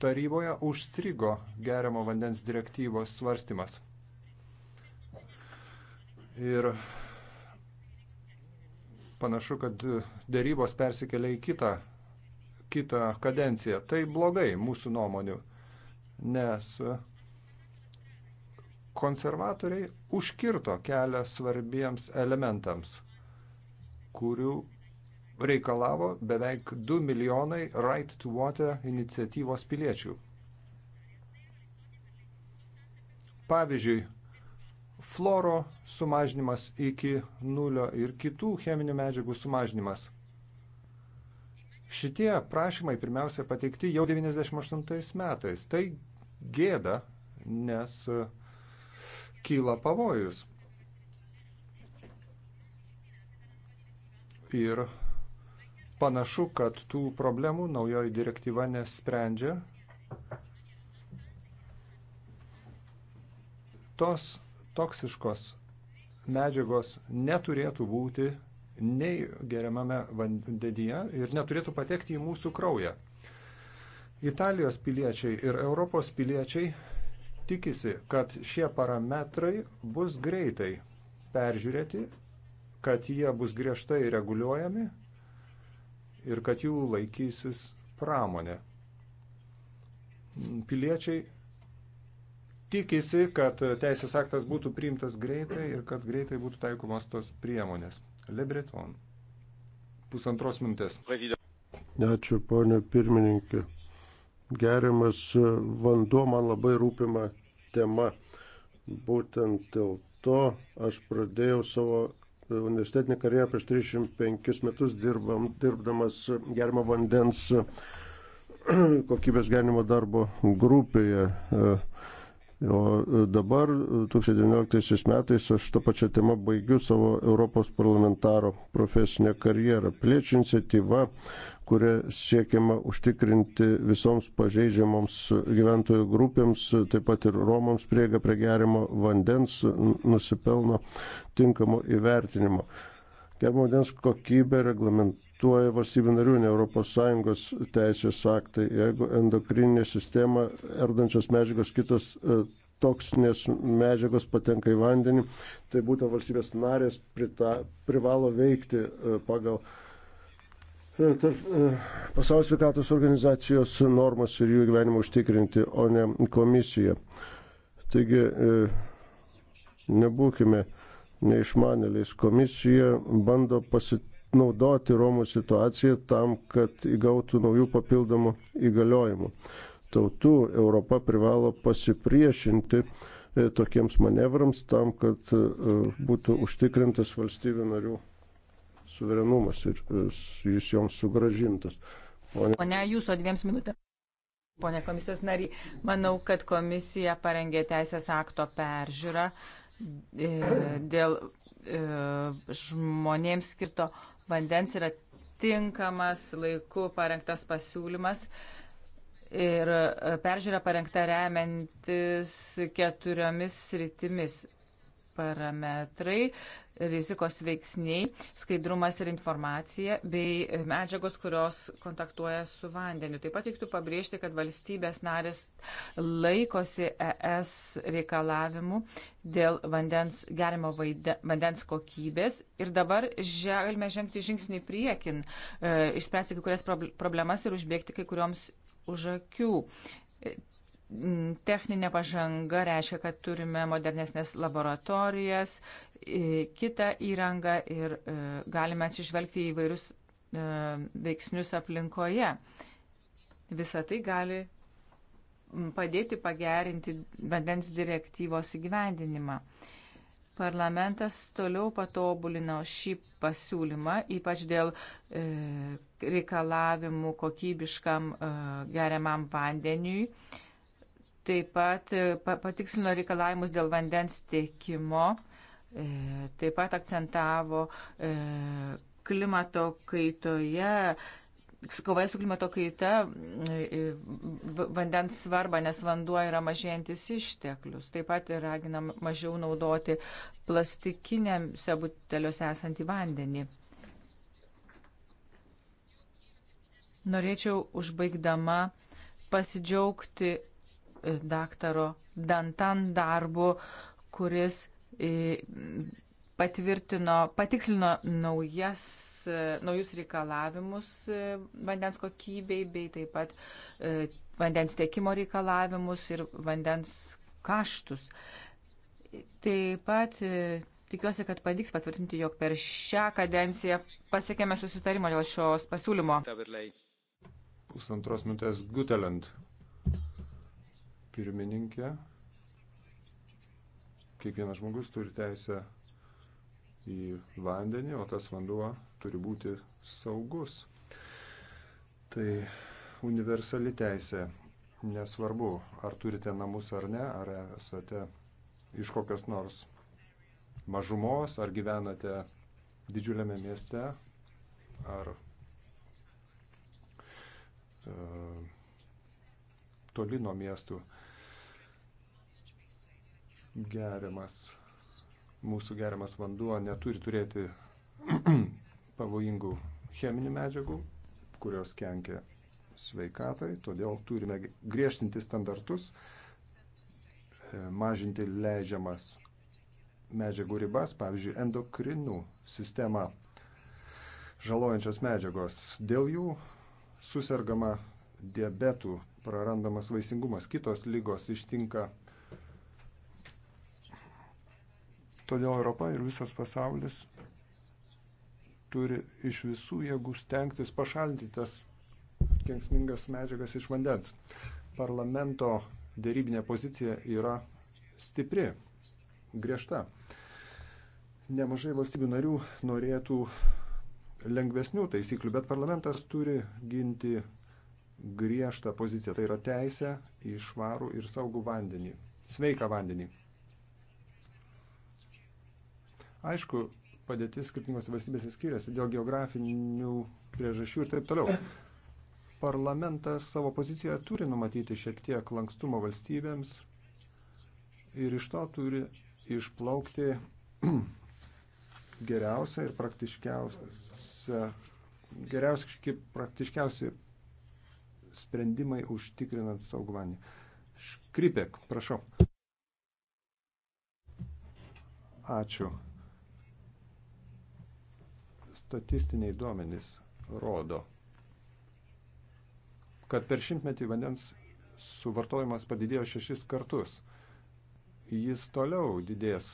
taryboje užstrigo geriamo vandens direktyvos svarstymas. Ir panašu, kad dėrybos persikelia į kitą kitą kadenciją. Tai blogai mūsų nuomonių, nes konservatoriai užkirto kelią svarbiems elementams, kurių reikalavo beveik 2 milijonai Right to Water iniciatyvos piliečių. Pavyzdžiui, fluoro sumažinimas iki nulio ir kitų cheminių medžiagų sumažinimas. Šitie prašymai pirmiausia pateikti jau 98 metais. Tai gėda, nes e, kyla pavojus. Ir panašu, kad tų problemų naujoji direktyva nesprendžia. Tos toksiškos medžiagos neturėtų būti nei geriamame vandenyje ir neturėtų patekti į mūsų kraują. Italijos piliečiai ir Europos piliečiai tikisi, kad šie parametrai bus greitai peržiūrėti, kad jie bus griežtai reguliuojami ir kad jų laikysis pramonė. Piliečiai tikisi, kad teisės aktas būtų priimtas greitai ir kad greitai būtų taikomos tos priemonės. Lebreton. Pusantros minutės. Ačiū, ponė pirmininkė. Geriamas vanduo man labai rūpima tema. Būtent dėl to aš pradėjau savo universitetinę karjerą prieš 35 metus dirbam, dirbdamas gerimo vandens [CLEARS THROAT] kokybės gerinimo darbo grupėje. Uh, O e, dabar, 2019 e, metais, aš tą pačią temą baigiu savo Europos parlamentaro profesinę karjerą. Piliečių iniciatyva, kuria siekiama užtikrinti visoms pažeidžiamoms gyventojų grupėms, taip pat ir Romams prieiga prie gerimo vandens, nusipelno tinkamo įvertinimo. Gerimo vandens kokybė reglament diktuoja valstybių narių, ne ES teisės aktai. Jeigu endokrininė sistema, erdančios medžiagos, kitos e, toksinės medžiagos patenka į vandenį, tai būtent valstybės narės prita, privalo veikti e, pagal e, pasaulio sveikatos organizacijos normas ir jų gyvenimą užtikrinti, o ne komisija. Taigi nebūkime neišmanėliais. Komisija bando pasitikti naudoti Romų situaciją tam, kad įgautų naujų papildomų įgaliojimų. Tautų Europa privalo pasipriešinti e, tokiems manevrams tam, kad e, būtų užtikrintas valstybių narių suverenumas ir e, jis joms sugražintas. Pone, Pone jūsų dviems minutėms. Pone komisijos nariai, manau, kad komisija parengė teisės akto peržiūrą dėl žmonėms skirto vandens yra tinkamas laiku parengtas pasiūlymas. Ir e, peržiūra parengta remiantis keturiomis sritimis parametrai rizikos veiksniai, skaidrumas ir informacija bei medžiagos, kurios kontaktuoja su vandeniu. Taip pat reiktų pabrėžti, kad valstybės narės laikosi ES reikalavimų dėl vandens, gerimo vaide, vandens kokybės ir dabar galime žengti žingsnį priekin, e, išspręsti kai kurias problemas ir užbėgti kai kurioms už akių Mm, techninė pažanga reiškia, kad turime modernesnės laboratorijas, kitą įrangą ir e, galime atsižvelgti į vairius e, veiksnius aplinkoje. Visą tai gali mm, padėti pagerinti vandens direktyvos įgyvendinimą. Parlamentas toliau patobulino šį pasiūlymą, ypač dėl e, reikalavimų kokybiškam e, geriamam vandeniui. E, Taip pat e, patiksino reikalavimus dėl vandens tiekimo, e, taip pat akcentavo e, klimato kaitoje, kovoje su klimato kaita vandens svarbą, nes vanduo yra mažėjantis išteklius. Taip pat ragina mažiau naudoti plastikinėse buteliuose esantį vandenį. Norėčiau užbaigdama pasidžiaugti E, daktaro Dantan darbu, kuris e, patvirtino, patikslino naujas, e, naujus reikalavimus vandens kokybei bei taip pat vandens tiekimo reikalavimus ir vandens kaštus. Taip pat Tikiuosi, kad pavyks patvirtinti, jog per šią kadenciją pasiekėme susitarimą dėl šios pasiūlymo. Pusantros minutės Gutelent pirmininkė. Kiekvienas žmogus turi teisę į vandenį, o tas vanduo turi būti saugus. Tai universali teisė. Nesvarbu, ar turite namus ar ne, ar esate iš kokios nors mažumos, ar gyvenate didžiuliame mieste, ar e, toli nuo miestų geriamas, mūsų geriamas vanduo neturi turėti [CLEARS THROAT] pavojingų cheminių medžiagų, kurios kenkia sveikatai, todėl turime griežtinti standartus, e, mažinti leidžiamas medžiagų ribas, pavyzdžiui, endokrinų sistemą žalojančios medžiagos. Dėl jų susirgama diabetų, prarandamas vaisingumas, kitos lygos ištinka Todėl Europa ir visas pasaulis turi iš visų jėgų stengtis pašalinti tas kenksmingas medžiagas iš vandens. Parlamento dėrybinė pozicija yra stipri, griežta. Nemažai valstybių narių norėtų lengvesnių taisyklių, bet parlamentas turi ginti griežtą poziciją. Tai yra teisė į švarų ir saugų vandenį, sveiką vandenį. Aišku, padėtis skirtingose valstybėse skiriasi dėl geografinių priežasčių ir taip toliau. Parlamentas savo poziciją turi numatyti šiek tiek lankstumo valstybėms ir iš to turi išplaukti [CLEARS THROAT] geriausia ir praktiškiausia, geriausiai praktiškiausi sprendimai užtikrinant saugų vandenį. Škripek, prašau. Ačiū statistiniai duomenys rodo, kad per šimtmetį vandens suvartojimas padidėjo šešis kartus. Jis toliau didės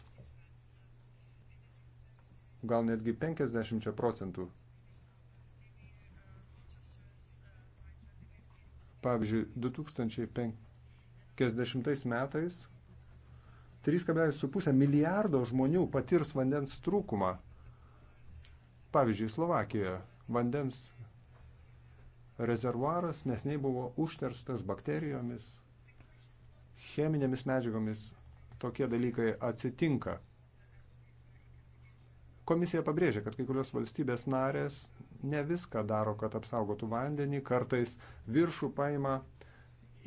gal netgi 50 procentų. Pavyzdžiui, 2050 metais 3,5 milijardo žmonių patirs vandens trūkumą Pavyzdžiui, Slovakijoje vandens rezervuaras nesnei buvo užterstas bakterijomis, cheminėmis medžiagomis. Tokie dalykai atsitinka. Komisija pabrėžia, kad kai kurios valstybės narės ne viską daro, kad apsaugotų vandenį, kartais viršų paima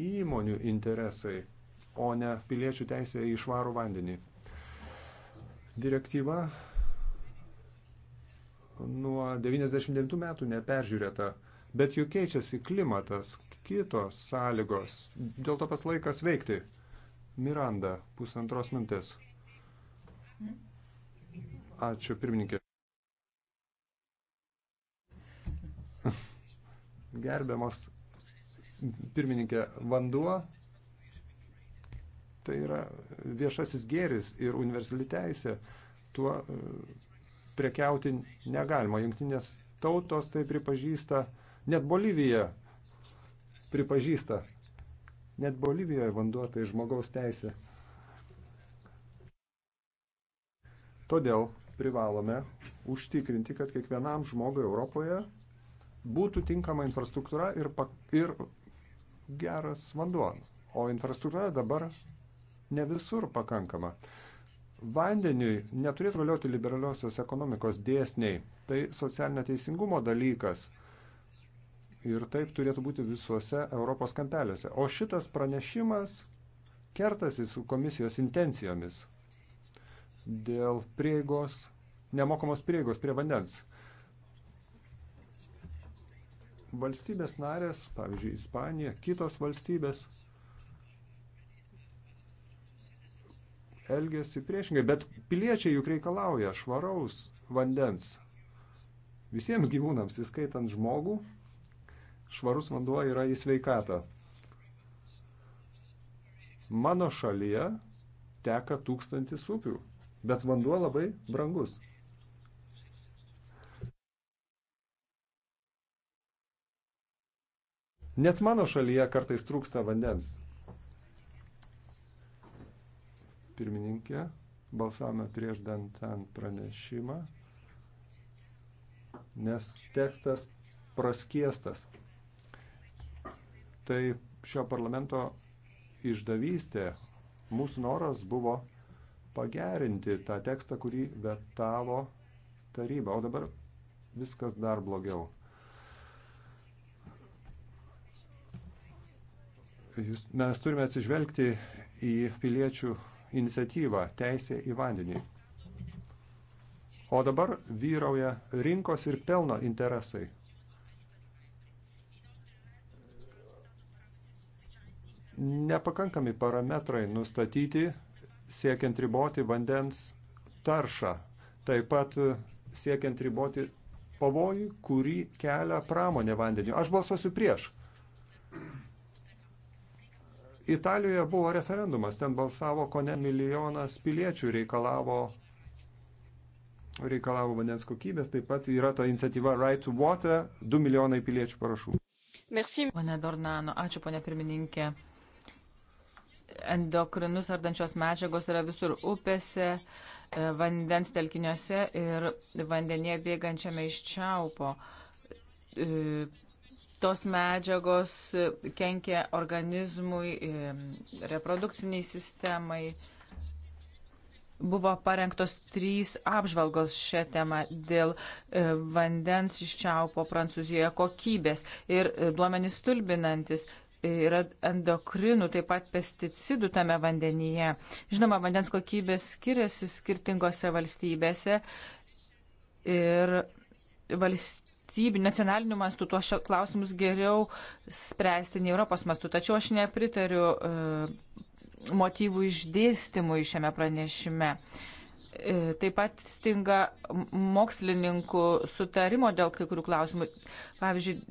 įmonių interesai, o ne piliečių teisė į švarų vandenį. Direktyva nuo 99 metų neperžiūrėta, bet juk keičiasi klimatas, kitos sąlygos, dėl to pas laikas veikti. Miranda, pusantros mintis. Ačiū, pirmininkė. Gerbiamas pirmininkė, vanduo tai yra viešasis gėris ir universali teisė tuo prekiauti negalima. Jungtinės tautos tai pripažįsta, net Bolivija pripažįsta. Net Bolivijoje vanduo tai žmogaus teisė. Todėl privalome užtikrinti, kad kiekvienam žmogui Europoje būtų tinkama infrastruktūra ir, pa, ir geras vanduo. O infrastruktūra dabar ne visur pakankama vandeniui neturėtų galioti liberaliosios ekonomikos dėsniai. Tai socialinio teisingumo dalykas. Ir taip turėtų būti visuose Europos kampeliuose. O šitas pranešimas kertasi su komisijos intencijomis dėl prieigos, nemokamos prieigos prie vandens. Valstybės narės, pavyzdžiui, Ispanija, kitos valstybės elgesi priešingai, bet piliečiai juk reikalauja švaraus vandens. Visiems gyvūnams, įskaitant žmogų, švarus vanduo yra į sveikatą. Mano šalyje teka tūkstantis upių, bet vanduo labai brangus. Net mano šalyje kartais trūksta vandens. pirmininkė. Balsavome prieš Dantan pranešimą, nes tekstas praskiestas. Tai šio parlamento išdavystė. Mūsų noras buvo pagerinti tą tekstą, kurį vetavo taryba. O dabar viskas dar blogiau. Jūs, mes turime atsižvelgti į piliečių iniciatyvą Teisė į vandenį. O dabar vyrauja rinkos ir pelno interesai. Nepakankami parametrai nustatyti, siekiant riboti vandens taršą, taip pat e, siekiant riboti pavojų, kurį kelia pramonė vandeniu. Aš balsuosiu prieš. Italijoje buvo referendumas, ten balsavo ko ne milijonas piliečių, reikalavo, reikalavo vandens kokybės, taip pat yra ta iniciatyva Right to Water, 2 milijonai piliečių parašų. Merci. Pone Dornano, ačiū pone pirmininkė. Endokrinus ardančios medžiagos yra visur upėse, e, vandens telkiniuose ir vandenyje bėgančiame iš čiaupo e, tos medžiagos kenkia organizmui, reprodukciniai sistemai. Buvo parengtos trys apžvalgos šią temą dėl e, vandens iš čiaupo Prancūzijoje kokybės ir e, duomenys stulbinantis e, yra endokrinų, taip pat pesticidų tame vandenyje. Žinoma, vandens kokybė skiriasi skirtingose valstybėse ir valst valstybių, nacionalinių mastų tuos klausimus geriau spręsti nei Europos mastų. Tačiau aš nepritariu e, motyvų išdėstymui šiame pranešime. E, taip pat stinga mokslininkų sutarimo dėl kai kurių klausimų. Pavyzdžiui,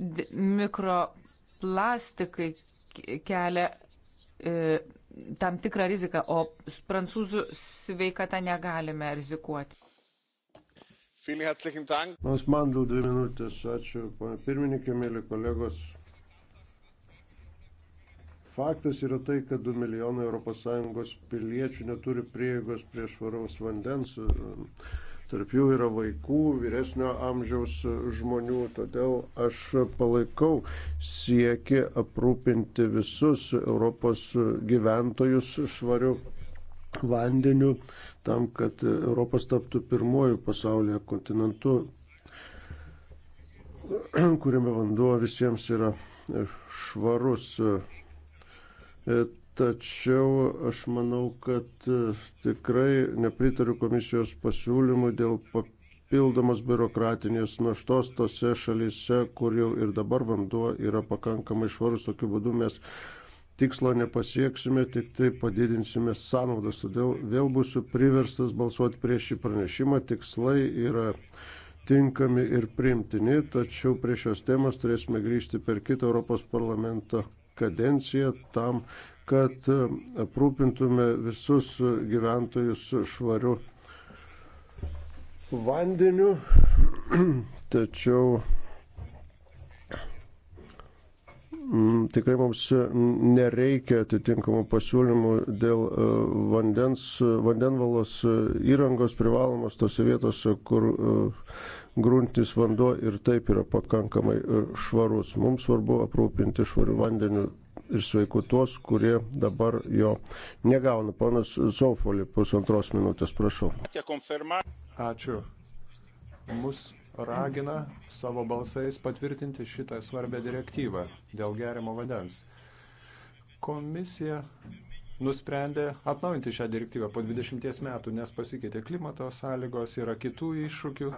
mikroplastikai kelia e, tam tikrą riziką, o prancūzų sveikata negalime rizikuoti. Nors man dėl dvi minutės, ačiū, pana pirmininkė, mėly kolegos. Faktas yra tai, kad 2 milijonai ES piliečių neturi prieigos prie švaraus vandens. Tarp jų yra vaikų, vyresnio amžiaus žmonių, todėl aš palaikau siekį aprūpinti visus Europos gyventojus švariu vandeniu tam, kad Europas taptų pirmoju pasaulyje kontinentu, kuriame vanduo visiems yra švarus. Tačiau aš manau, kad tikrai nepritariu komisijos pasiūlymui dėl papildomos biurokratinės naštos tose šalyse, kur jau ir dabar vanduo yra pakankamai švarus. Tokiu būdu mes tikslo nepasieksime, tik tai padidinsime sąnaudas. Todėl vėl būsiu priverstas balsuoti prieš šį pranešimą. Tikslai yra tinkami ir primtini, tačiau prie šios temos turėsime grįžti per kitą Europos parlamento kadenciją tam, kad e, aprūpintume visus gyventojus švariu vandeniu. [CLEARS THROAT] Tačiau Mm, tikrai mums mm, nereikia atitinkamų pasiūlymų dėl e, vandens, e, vandenvalos e, įrangos privalomos tose vietose, kur gruntis vanduo ir taip yra pakankamai švarus. Mums svarbu aprūpinti švariu vandeniu ir sveiku tuos, kurie dabar jo negauna. Ponas Zofoli, pusantros minutės, prašau. Ačiū. Mus ragina savo balsais patvirtinti šitą svarbę direktyvą dėl gerimo vandens. Komisija nusprendė atnaujinti šią direktyvą po 20 metų, nes pasikeitė klimato sąlygos, yra kitų iššūkių.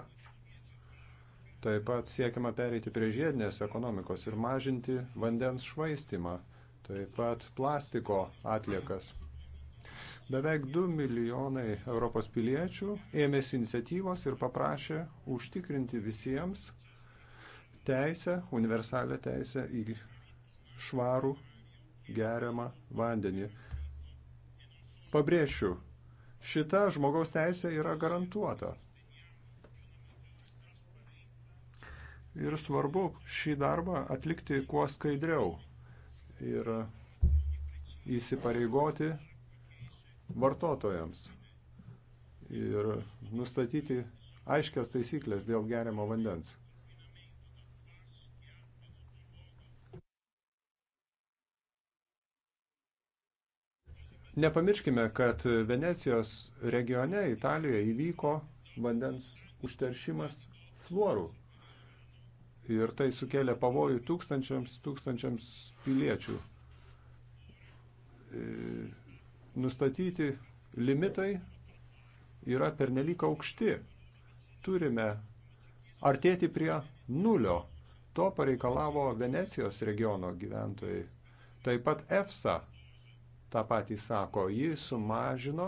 Taip pat siekiama pereiti prie žiedinės ekonomikos ir mažinti vandens švaistimą, taip pat plastiko atliekas. Beveik 2 milijonai Europos piliečių ėmėsi iniciatyvos ir paprašė užtikrinti visiems teisę, universalią teisę į švarų geriamą vandenį. Pabrėšiu, šita žmogaus teisė yra garantuota. Ir svarbu šį darbą atlikti kuo skaidriau ir įsipareigoti vartotojams ir nustatyti aiškias taisyklės dėl geriamo vandens. Nepamirškime, kad Venecijos regione Italijoje įvyko vandens užteršimas fluorų. Ir tai sukėlė pavojų tūkstančiams, tūkstančiams piliečių nustatyti limitai yra pernelyg aukšti. Turime artėti prie nulio. To pareikalavo Venecijos regiono gyventojai. Taip pat EFSA tą patį sako, ji sumažino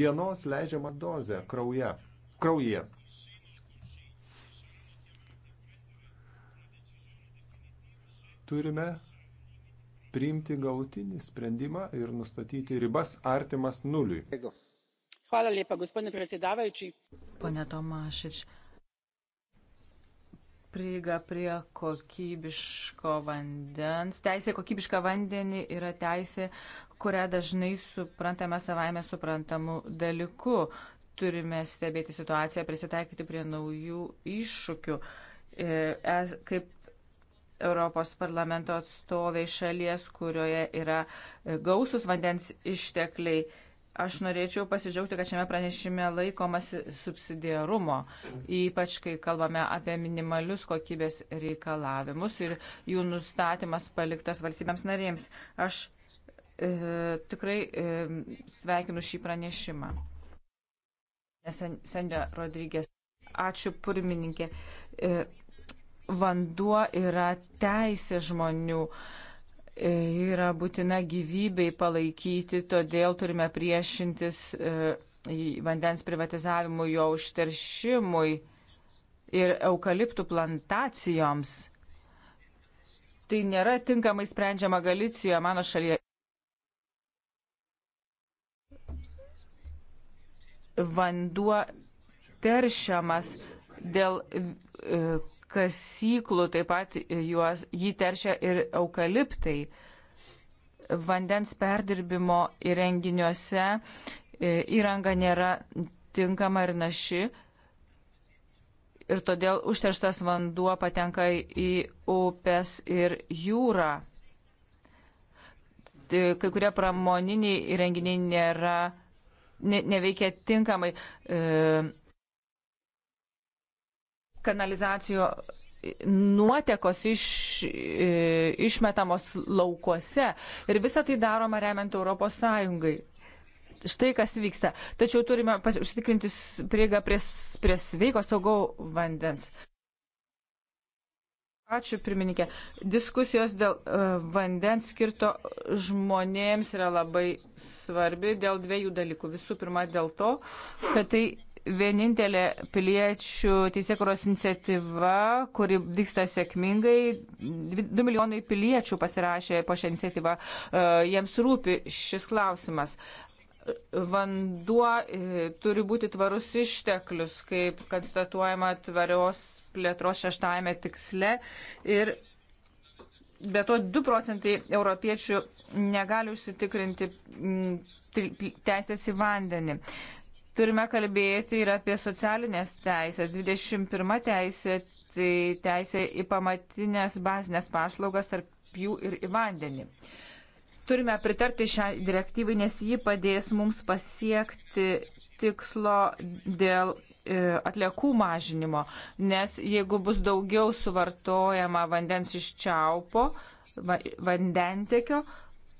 dienos leidžiamą dozę krauje. krauje. Turime priimti galutinį sprendimą ir nustatyti ribas artimas nuliui. Lijepa, gospodine predsjedavajući. Pone Tomašić, prieiga prie kokybiško vandens. Teisė kokybišką vandenį yra teisė, kurią dažnai suprantame savaime suprantamų dalykų. Turime stebėti situaciją, prisitaikyti prie naujų iššūkių. E, kaip Europos parlamento atstovai šalies, kurioje yra gausus vandens ištekliai. Aš norėčiau pasidžiaugti, kad šiame pranešime laikomasi subsidiarumo, ypač kai kalbame apie minimalius kokybės reikalavimus ir jų nustatymas paliktas valstybėms narėms. Aš e, tikrai e, sveikinu šį pranešimą. Sendė Rodrygės. Ačiū, pirmininkė. E, vanduo yra teisė žmonių, e, yra būtina gyvybei palaikyti, todėl turime priešintis e, vandens privatizavimui, jo užteršimui ir eukaliptų plantacijoms. Tai nėra tinkamai sprendžiama Galicijoje, mano šalyje. Vanduo teršiamas dėl e, kasyklų, taip pat juos, jį teršia ir eukaliptai. Vandens perdirbimo įrenginiuose e, įranga nėra tinkama ir naši ir todėl užterštas vanduo patenka į upes ir jūrą. Kai kurie pramoniniai įrenginiai nėra, ne, neveikia tinkamai. E, kanalizacijo nuotekos iš, e, išmetamos laukuose. Ir visą tai daroma remiant Europos Sąjungai. Štai kas vyksta. Tačiau turime užtikrinti prieigą prie, prie sveiko saugau vandens. Ačiū, pirmininkė. Diskusijos dėl uh, vandens skirto žmonėms yra labai svarbi dėl dviejų dalykų. Visų pirma, dėl to, kad tai vienintelė piliečių teisėkuros iniciatyva, kuri vyksta sėkmingai. 2 milijonai piliečių pasirašė po šią iniciatyvą. E, jiems rūpi šis klausimas. Vanduo e, turi būti tvarus išteklius, kaip konstatuojama tvarios plėtros šeštajame tiksle. Ir be to 2 procentai europiečių negali užsitikrinti teisės į vandenį. Turime kalbėti ir apie socialinės teisės. 21 teisė tai teisė į pamatinės bazinės paslaugas tarp jų ir į vandenį. Turime pritarti šią direktyvą, nes ji padės mums pasiekti tikslo dėl e, atliekų mažinimo, nes jeigu bus daugiau suvartojama vandens iš čiaupo, vandentekio,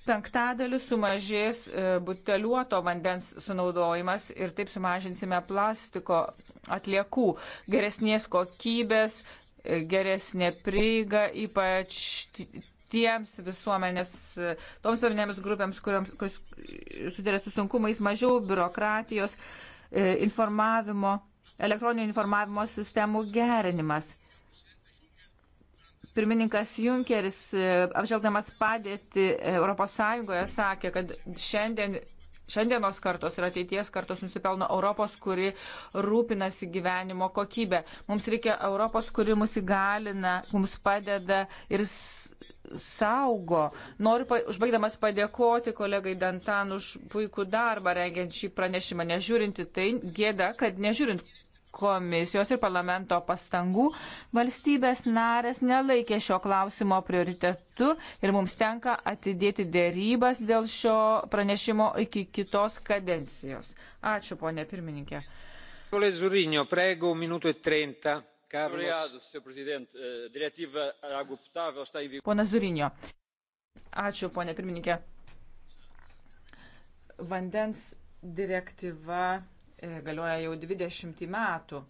penktadaliu sumažės e, buteliuoto vandens sunaudojimas ir taip sumažinsime plastiko atliekų geresnės kokybės, e, geresnė prieiga, ypač tiems visuomenės, e, toms visuomenėms grupėms, kuriams sudarė su sunkumais mažiau biurokratijos, informavimo, elektroninio informavimo sistemų gerinimas. Pirmininkas Junkeris, e, apžvelgdamas padėti ES, sakė, kad šiandien šiandienos kartos ir ateities kartos nusipelno Europos, kuri rūpinasi gyvenimo kokybę. Mums reikia Europos, kuri mus įgalina, mums padeda ir saugo. Noriu, pa, užbaigdamas, padėkoti kolegai Dantan už puikų darbą rengiant šį pranešimą. Nežiūrinti tai gėda, kad nežiūrint komisijos ir parlamento pastangų valstybės narės nelaikė šio klausimo prioritetu ir mums tenka atidėti dėrybas dėl šio pranešimo iki kitos kadencijos. Ačiū, ponė pirmininkė. Zurinio, prego, e eh, Ponas Zurinio. Ačiū, ponė pirmininkė. Vandens direktyva E, galioja jau 20 metų.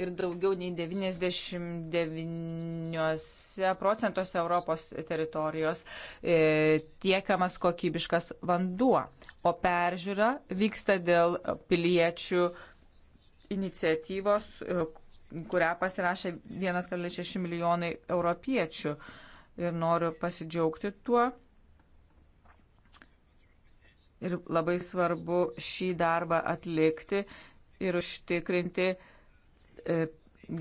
Ir daugiau nei 99 procentuose Europos teritorijos e, tiekamas kokybiškas vanduo. O peržiūra vyksta dėl piliečių iniciatyvos, e, kurią pasirašė 1,6 milijonai europiečių. Ir noriu pasidžiaugti tuo Ir labai svarbu šį darbą atlikti ir užtikrinti e,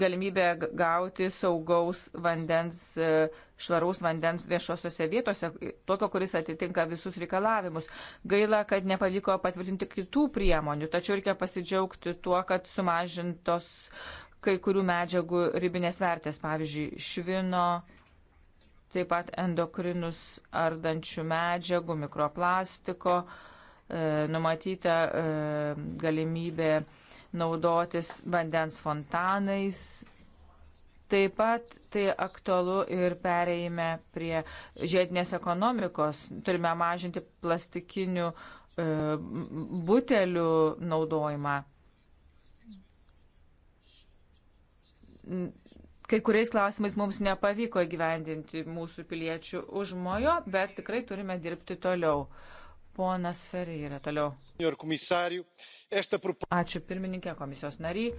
galimybę gauti saugaus vandens, e, švaraus vandens viešosiose vietose, tokio, kuris atitinka visus reikalavimus. Gaila, kad nepavyko patvirtinti kitų priemonių, tačiau reikia pasidžiaugti tuo, kad sumažintos kai kurių medžiagų ribinės vertės, pavyzdžiui, švino, taip pat endokrinus ardančių medžiagų, mikroplastiko. Uh, E, numatyta e, galimybė naudotis vandens fontanais. Taip pat tai aktualu ir pereime prie žiedinės ekonomikos. Turime mažinti plastikinių e, butelių naudojimą. kai kuriais klausimais mums nepavyko įgyvendinti mūsų piliečių užmojo, bet tikrai turime dirbti toliau. Ponas Ferreira, toliau. Ačiū pirmininkė komisijos nariai.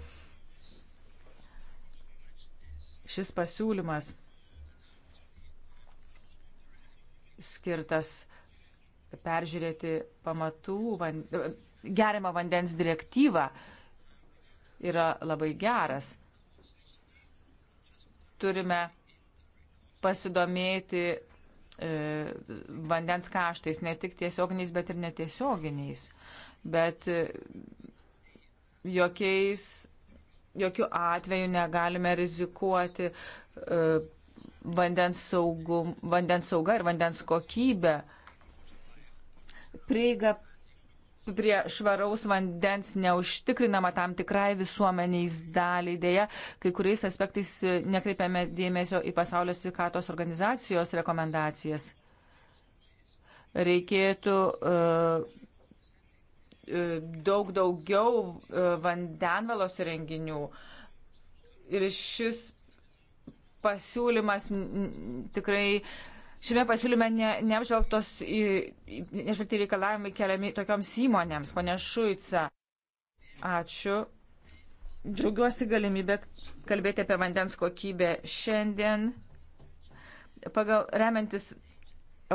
Šis pasiūlymas skirtas peržiūrėti pamatų van, geriamą vandens direktyvą yra labai geras. Turime pasidomėti E, vandens kaštais, ne tik tiesioginiais, bet ir netiesioginiais. Bet e, jokiais, jokių atvejų negalime rizikuoti e, vandens, saugum, vandens sauga ir vandens kokybė. Prieiga prie švaraus vandens neužtikrinama tam tikrai visuomeniais daliai. Dėja, kai kuriais aspektais nekreipiame dėmesio į pasaulio sveikatos organizacijos rekomendacijas. Reikėtų uh, daug daugiau e, vandenvalos renginių. Ir šis pasiūlymas tikrai Šiame pasiūlyme ne, neapžvelgtos nežvelgti reikalavimai keliami tokioms įmonėms, ponė Šuica. Ačiū. Džiaugiuosi galimybę kalbėti apie vandens kokybę šiandien. Pagal remiantis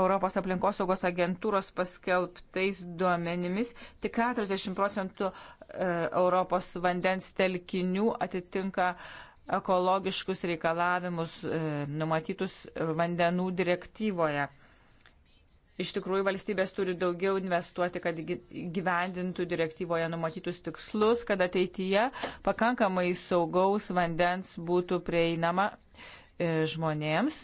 Europos aplinkosaugos agentūros paskelbtais duomenimis tik 40 procentų e, Europos vandens telkinių atitinka uh, ekologiškus reikalavimus e, numatytus vandenų direktyvoje. Iš tikrųjų, valstybės turi daugiau investuoti, kad gyvendintų direktyvoje numatytus tikslus, kad ateityje pakankamai saugaus vandens būtų prieinama e, žmonėms.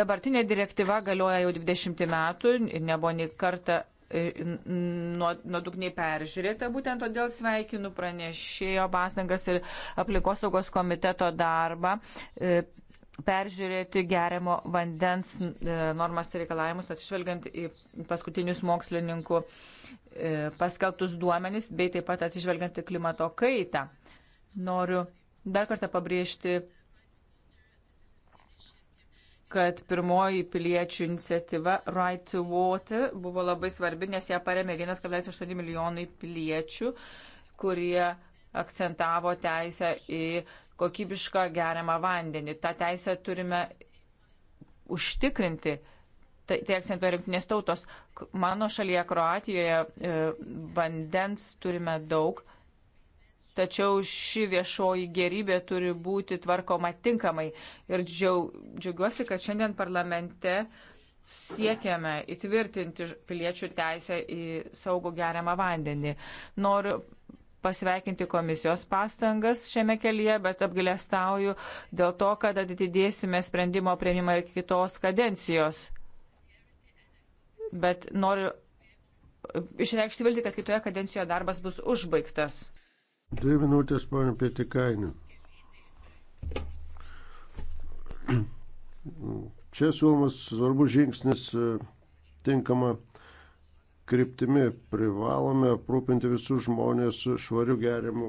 Dabartinė direktyva galioja jau 20 metų ir nebuvo nei kartą E, nuodugniai peržiūrėta. Būtent todėl sveikinu pranešėjo pastangas ir aplinkosaugos komiteto darbą e, peržiūrėti geriamo vandens e, normas ir reikalavimus, atsižvelgiant į paskutinius mokslininkų paskeltus duomenys, bei taip pat atsižvelgiant į klimato kaitą. Noriu dar kartą pabrėžti kad pirmoji piliečių iniciatyva Right to Water buvo labai svarbi, nes ją paremė 1,8 milijonai piliečių, kurie akcentavo teisę į kokybišką geriamą vandenį. Ta teisę turime užtikrinti. Tai, tai akcentuoja rinktinės tautos. Mano šalyje, Kroatijoje, e, vandens turime daug Tačiau ši viešoji gerybė turi būti tvarkoma tinkamai. Ir džiaugiuosi, kad šiandien parlamente siekiame įtvirtinti piliečių teisę į saugų geriamą vandenį. Noriu pasveikinti komisijos pastangas šiame kelyje, bet apgailestauju dėl to, kad atidėsime sprendimo prieimimą iki kitos kadencijos. Bet noriu išreikšti vilti, kad kitoje kadencijoje darbas bus užbaigtas. Dvi minutės, ponė Pietikainė. Čia siūlomas svarbus žingsnis e, tinkama kryptimi. Privalome aprūpinti visus žmonės švarių geriamų